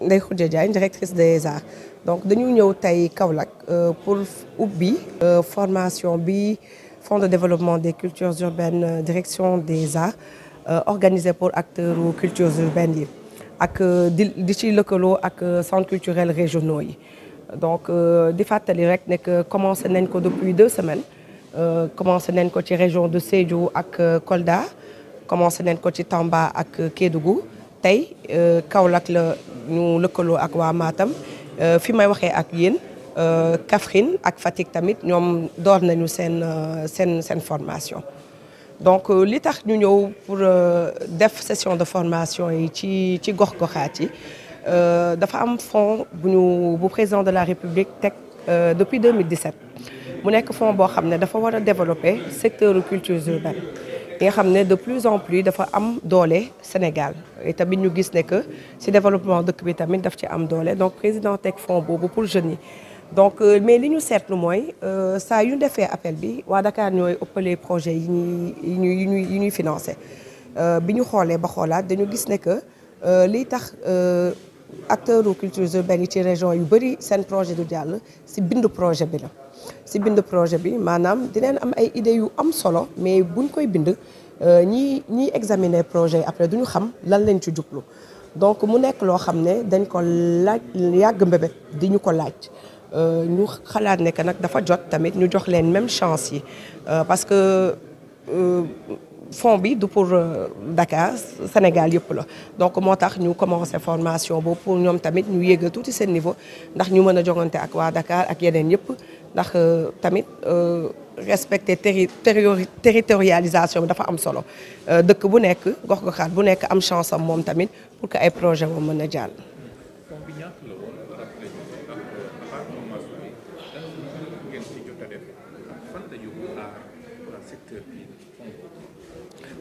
Ndeye suis directrice des arts donc de ñëw euh, pour ubi euh, formation bi fonds de développement des cultures urbaines euh, direction des arts organisé pour acteurs cultures urbaines avec les di ci centres culturels régionaux donc commencé depuis deux semaines commencé dans ko région de Sejo et Kolda commencé nañ ko ci Tamba ak Kédougou Aujourd'hui, ñu lëkkaloo ak wa Matam euh, fi may waxee ak euh Kafrine ak Fatik tamit ñom door nañu sen euh, sen formation. donc euh, li tax ñu ñëw pour def session de formation yi ci ci gox-goxaat euh dafa am fond bu ñu bu président de la République teg depuis 2017 mu nek fonds bo xam dafa wara développer secteur culture urbaine te xam de plus en plus dafa am dolé Sénégal et tamit ñu gis que ci développement dëkk bi tamit daf ci am dolé donc président tek fond bobu pour jeunes yi. donc euh, mais li ñu moy euh, ça yu défé appel bi wa Dakar ñoy ëppale projet yi ñu yi ñu yi ñuy yi ñuy financé euh, bi ba xoolaat dañu gis né que euh, li tax. euh, acteur u cultures urbaines yi ci région yu bëri seen projet du jàll si bindu projet bi la si bindu projet bi manam dinen am ay idée yu am solo mais buñ koy bind euh, ñi ñi examiner projet après duñu xam lan lañ ci jublu donc mu nek lo xamné dañ ko laaj yag mbébé diñu ko laaj euh, ñu xalaat ne que nag dafa jot tamit ñu jox leen même chance yi euh, parce que euh, fonds bi du pour euh, Dakar Sénégal yëpp la donc moo tax ñu commencé formation bo pour ñom tamit ñu yéegal tuuti sen niveau ndax ñu mëna a ak wa Dakar ak yenen yëpp ndax euh, tamit euh, respecter territorialisation dafa am solo dëkk bu nekk gox goxaat bu nekk am chance am mom tamit pour que ay projet moom mëna a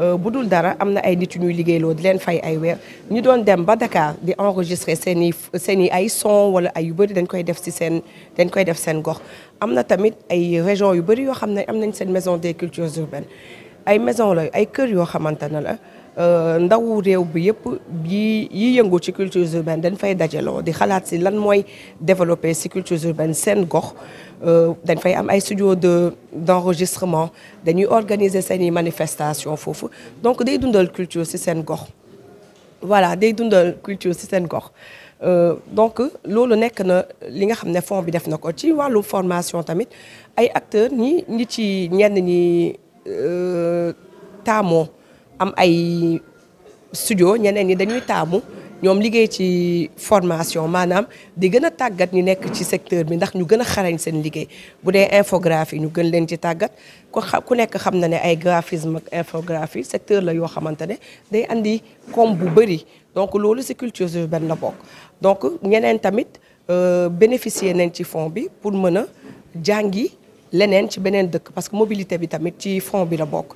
Euh, Budul dara amna ay nit ñuy di len fay ay ñu Dakar di enregistrer i ay son wala ay dañ koy def si à dañ koy def sen gox tamit ay région yu bëri yo xamna amnañ maison des cultures urbaines ay maison lay ay kër yo euh, ndawu réew bi yëpp yi yi yëngu ci culture urbaine dañ fay dajaloo di xalaat si lan mooy développer si cultures urbaines seen gox euh, dañ fay am ay studio de d'enregistrement dañuy organiser seen i manifestation foofu donc day dundal culture si seen gox voilà day dundal culture si seen gox euh, donc loolu nekk na li nga xam ne fond bi def na ko ci wàllu formation tamit ay acteurs ñi ñi ci ñenn ñi taamoo am ay studio ñeneen ñi dañuy taamu ñoom liggéey ci formation maanaam di gën a tàggat ñu nekk ci secteur bi ndax ñu gën a xarañ seen liggéey bu dee infographie ñu gën leen ci tàggat ko ku nekk xam na ne ay graphisme ak infographie secteur la yoo xamante ne day andi koom bu bëri donc loolu si culture benn la bokk donc ñeneen tamit euh, bénéficier nañ ci fond bi pour mën a jàngi leneen ci beneen dëkk parce que mobilité bi tamit ci fond bi la bokk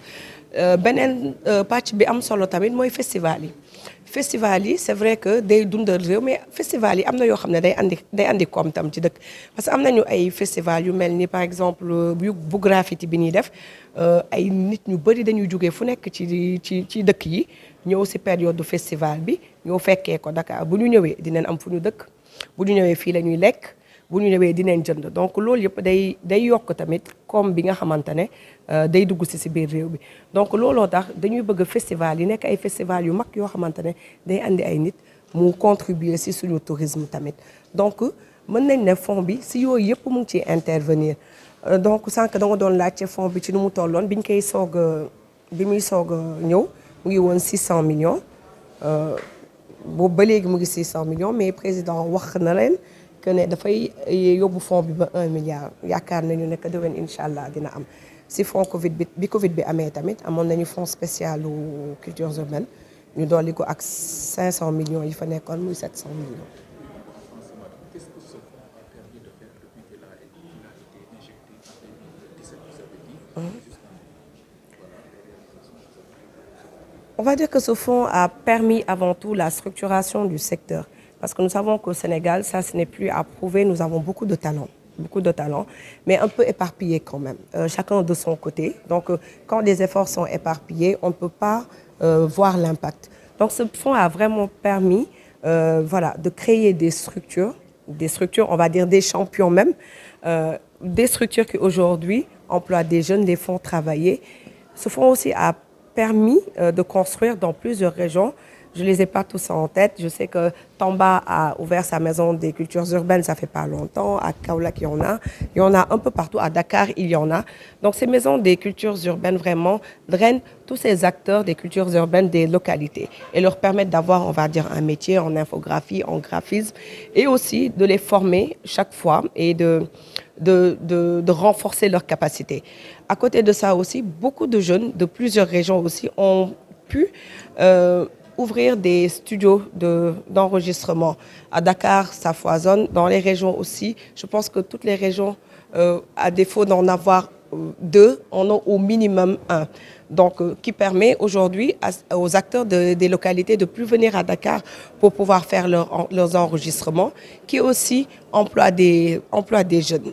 euh, benen patch euh, bi am solo tamit moy festival yi festival yi c'est vrai que day dundal réew mais festival yi am na xamne day andi day andi comme tam ci deuk parce que am nañu ay festival yu melni par exemple yu bu graffiti bi ni def euh, ay nit ñu bari dañuy joggé fu nek ci ci ci deuk yi ñëw ci période du festival bi ñoo fekkee ko Dakar bu ñu ñëwee dinañ am fu ñu dëkk bu ñu ñëwee fi lañuy ñuy bu ñu ñëwee dinañ jënd donc lool yëpp day day yok tamit comme bi nga xamantane ne euh, day dugg ci ci biir réew bi donc loolo tax dañuy bëgg festival yi nekk ay festival yu mag yoo xamantane day andi ay nit mu contribuer ci suñu tourisme tamit donc mën nañ ne fond bi si yooyu yëpp mu ngi ciy intervenir euh, donc sànq da nga doon laajte fond bi ci nu mu tolloon bi koy soog bi muy soog ñëw mu ngi woon 600 millions euh, bo ba léegi mu ngi 600 millions mais président wax na leen que ne dafay eh, yobou fond bi ba 1 milliard yakar nañu nek que déwén incha dina am si fond Covid bi bi Covid bi amé tamit amon nañu fond spécial u cultures urbaines ñu dolli ko ak 500 millions yi fa nekkon muy 700 millions. On va dire que ce fonds a permis avant tout la structuration du secteur. Parce que nous savons qu'au Sénégal, ça, ce n'est plus à prouver. Nous avons beaucoup de talents beaucoup de talents, mais un peu éparpillés quand même, euh, chacun de son côté. Donc, euh, quand les efforts sont éparpillés, on ne peut pas euh, voir l'impact. Donc, ce fonds a vraiment permis voilà, de créer des structures, des structures, on va dire des champions même, des structures qui aujourd'hui emploient des jeunes, des fonds travailler. Ce fonds aussi a permis de construire dans plusieurs régions je ne les ai pas tous en tête. Je sais que Tamba a ouvert sa maison des cultures urbaines, ça fait pas longtemps. À Kaulak, il y en a. Il y en a un peu partout. À Dakar, il y en a. Donc ces maisons des cultures urbaines, vraiment, drainent tous ces acteurs des cultures urbaines des localités et leur permettent d'avoir, on va dire, un métier en infographie, en graphisme, et aussi de les former chaque fois et de, de, de, renforcer leurs capacités. À côté de ça aussi, beaucoup de jeunes de plusieurs régions aussi ont pu... Euh, ouvrir des studios d'enregistrement. à Dakar, ça foisonne, dans les régions aussi. Je pense que toutes les régions, euh, à défaut d'en avoir euh, deux, en ont au minimum un. Donc, euh, qui permet aujourd'hui aux acteurs des localités de plus venir à Dakar pour pouvoir faire leurs enregistrements, qui aussi emploie des, emploie des jeunes.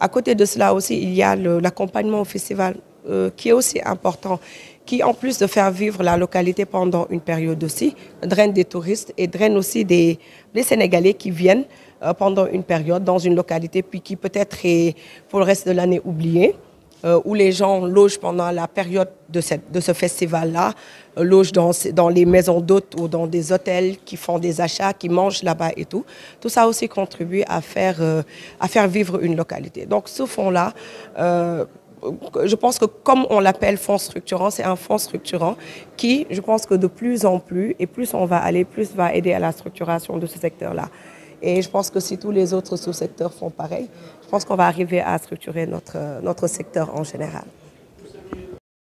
À côté de cela aussi, il y a l'accompagnement au festival qui est aussi important qui, en plus de faire vivre la localité pendant une période aussi, draine des touristes et draine aussi des, Sénégalais qui viennent euh, pendant une période dans une localité, puis qui peut-être est pour le reste de l'année oubliée, euh, où les gens logent pendant la période de, cette, de ce festival-là, euh, logent dans, dans les maisons d'hôtes ou dans des hôtels, qui font des achats, qui mangent là-bas et tout. Tout ça aussi contribue à faire, à faire vivre une localité. Donc ce fonds-là je pense que comme on l'appelle fonds structurant, c'est un fonds structurant qui, je pense que de plus en plus, et plus on va aller, plus va aider à la structuration de ce secteur-là. Et je pense que si tous les autres sous-secteurs font pareil, je pense qu'on va arriver à structurer notre, euh, notre secteur en général.